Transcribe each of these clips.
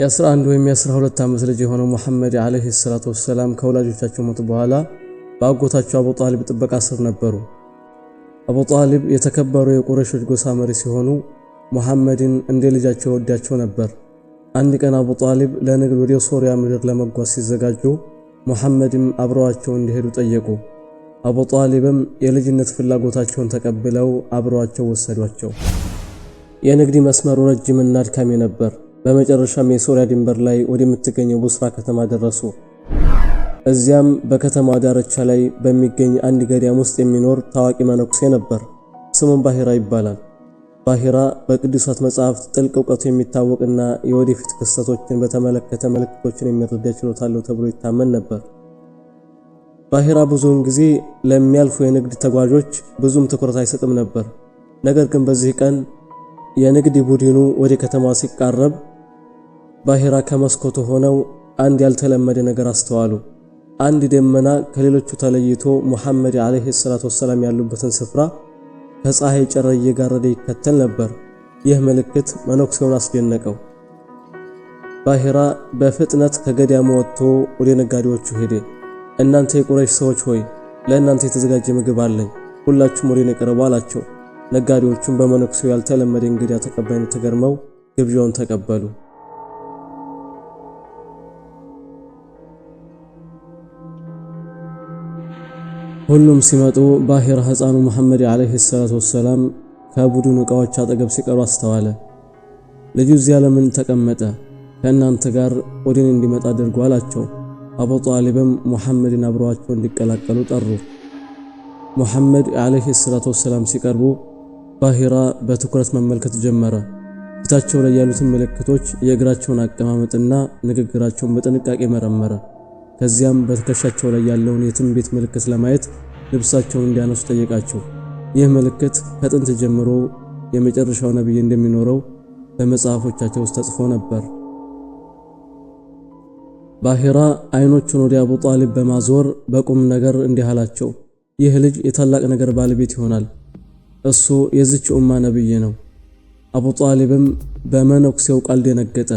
የአስራ አንድ ወይም የ12 ዓመት ልጅ የሆነው ሙሐመድ ዓለይሂ ሰላቱ ወሰላም ከወላጆቻቸው ሞት በኋላ በአጎታቸው አቡ ጣሊብ ጥበቃ ስር ነበሩ። አቡ ጣሊብ የተከበሩ የቁረሾች ጎሳ መሪ ሲሆኑ ሙሐመድን እንደ ልጃቸው ወዳቸው ነበር። አንድ ቀን አቡ ጣሊብ ለንግድ ወደ ሶሪያ ምድር ለመጓዝ ሲዘጋጁ ሙሐመድም አብረዋቸው እንዲሄዱ ጠየቁ። አቡ ጣሊብም የልጅነት ፍላጎታቸውን ተቀብለው አብረዋቸው ወሰዷቸው። የንግድ መስመሩ ረጅምና አድካሚ ነበር። በመጨረሻም የሶሪያ ድንበር ላይ ወደምትገኘው ቡስራ ከተማ ደረሱ። እዚያም በከተማዋ ዳርቻ ላይ በሚገኝ አንድ ገዳም ውስጥ የሚኖር ታዋቂ መነኩሴ ነበር። ስሙም ባሂራ ይባላል። ባሂራ በቅዱሳት መጽሐፍት ጥልቅ እውቀቱ የሚታወቅና የወደፊት ክስተቶችን በተመለከተ ምልክቶችን የሚረዳ ችሎታ አለው ተብሎ ይታመን ነበር። ባሂራ ብዙውን ጊዜ ለሚያልፉ የንግድ ተጓዦች ብዙም ትኩረት አይሰጥም ነበር። ነገር ግን በዚህ ቀን የንግድ ቡድኑ ወደ ከተማዋ ሲቃረብ ባሂራ ከመስኮቱ ሆነው አንድ ያልተለመደ ነገር አስተዋሉ። አንድ ደመና ከሌሎቹ ተለይቶ ሙሐመድ ዓለይሂ ሰላቱ ወሰላም ያሉበትን ስፍራ ከፀሐይ ጨረር እየጋረደ ይከተል ነበር። ይህ ምልክት መነኩሴውን አስደነቀው። ባሂራ በፍጥነት ከገዳሙ ወጥቶ ወደ ነጋዴዎቹ ሄደ። እናንተ የቁረሽ ሰዎች ሆይ ለእናንተ የተዘጋጀ ምግብ አለኝ፣ ሁላችሁም ወደ እኔ ቅረቡ አላቸው። ነጋዴዎቹም በመነኩሴው ያልተለመደ እንግዳ ተቀባይነት ተገርመው ግብዣውን ተቀበሉ። ሁሉም ሲመጡ ባህር ሕፃኑ መሐመድ ዓለይሂ ሰላቱ ወሰላም ከቡድን ዕቃዎች አጠገብ ሲቀሩ አስተዋለ። ልጁ እዚያ ለምን ተቀመጠ? ከእናንተ ጋር ወደኔ እንዲመጣ አድርጎ አላቸው። አቡ ጣሊብም ሙሐመድን አብረዋቸው እንዲቀላቀሉ ጠሩ። ሙሐመድ ዓለይሂ ሰላቱ ወሰላም ሲቀርቡ ባሂራ በትኩረት መመልከት ጀመረ። ፊታቸው ላይ ያሉትን ምልክቶች፣ የእግራቸውን አቀማመጥና ንግግራቸውን በጥንቃቄ መረመረ። ከዚያም በትከሻቸው ላይ ያለውን የትንቢት ምልክት ለማየት ልብሳቸውን እንዲያነሱ ጠየቃቸው። ይህ ምልክት ከጥንት ጀምሮ የመጨረሻው ነቢይ እንደሚኖረው በመጽሐፎቻቸው ውስጥ ተጽፎ ነበር። ባሂራ አይኖቹን ወደ አቡ ጣሊብ በማዞር በቁም ነገር እንዲህ አላቸው፣ ይህ ልጅ የታላቅ ነገር ባለቤት ይሆናል። እሱ የዚች ኡማ ነቢይ ነው። አቡ ጣሊብም በመነኩሴው ቃል ደነገጠ።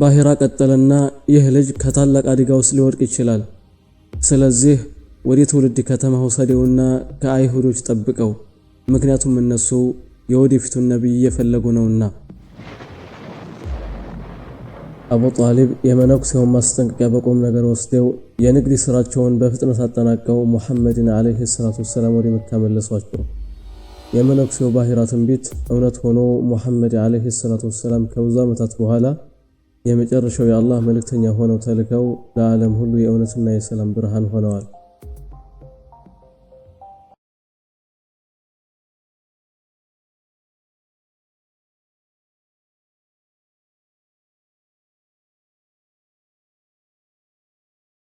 ባሂራ ቀጠለና ይህ ልጅ ከታላቅ አደጋ ውስጥ ሊወድቅ ይችላል። ስለዚህ ወደ ትውልድ ከተማ ውሰደውና ከአይሁዶች ጠብቀው፣ ምክንያቱም እነሱ የወደፊቱን ነቢይ እየፈለጉ ነውና። አቡ ጣሊብ የመነኩሴውን ማስጠንቀቂያ በቁም ነገር ወስደው የንግድ ስራቸውን በፍጥነት አጠናቀው ሙሐመድን ዓለይሂ ሰላቱ ወሰላም ወደ መካ መለሷቸው። የመነኩሴው ባሂራ ትንቢት እውነት ሆኖ ሙሐመድ ዓለይሂ ሰላቱ ወሰላም ከብዙ ዓመታት በኋላ የመጨረሻው የአላህ መልእክተኛ ሆነው ተልከው ለዓለም ሁሉ የእውነትና የሰላም ብርሃን ሆነዋል።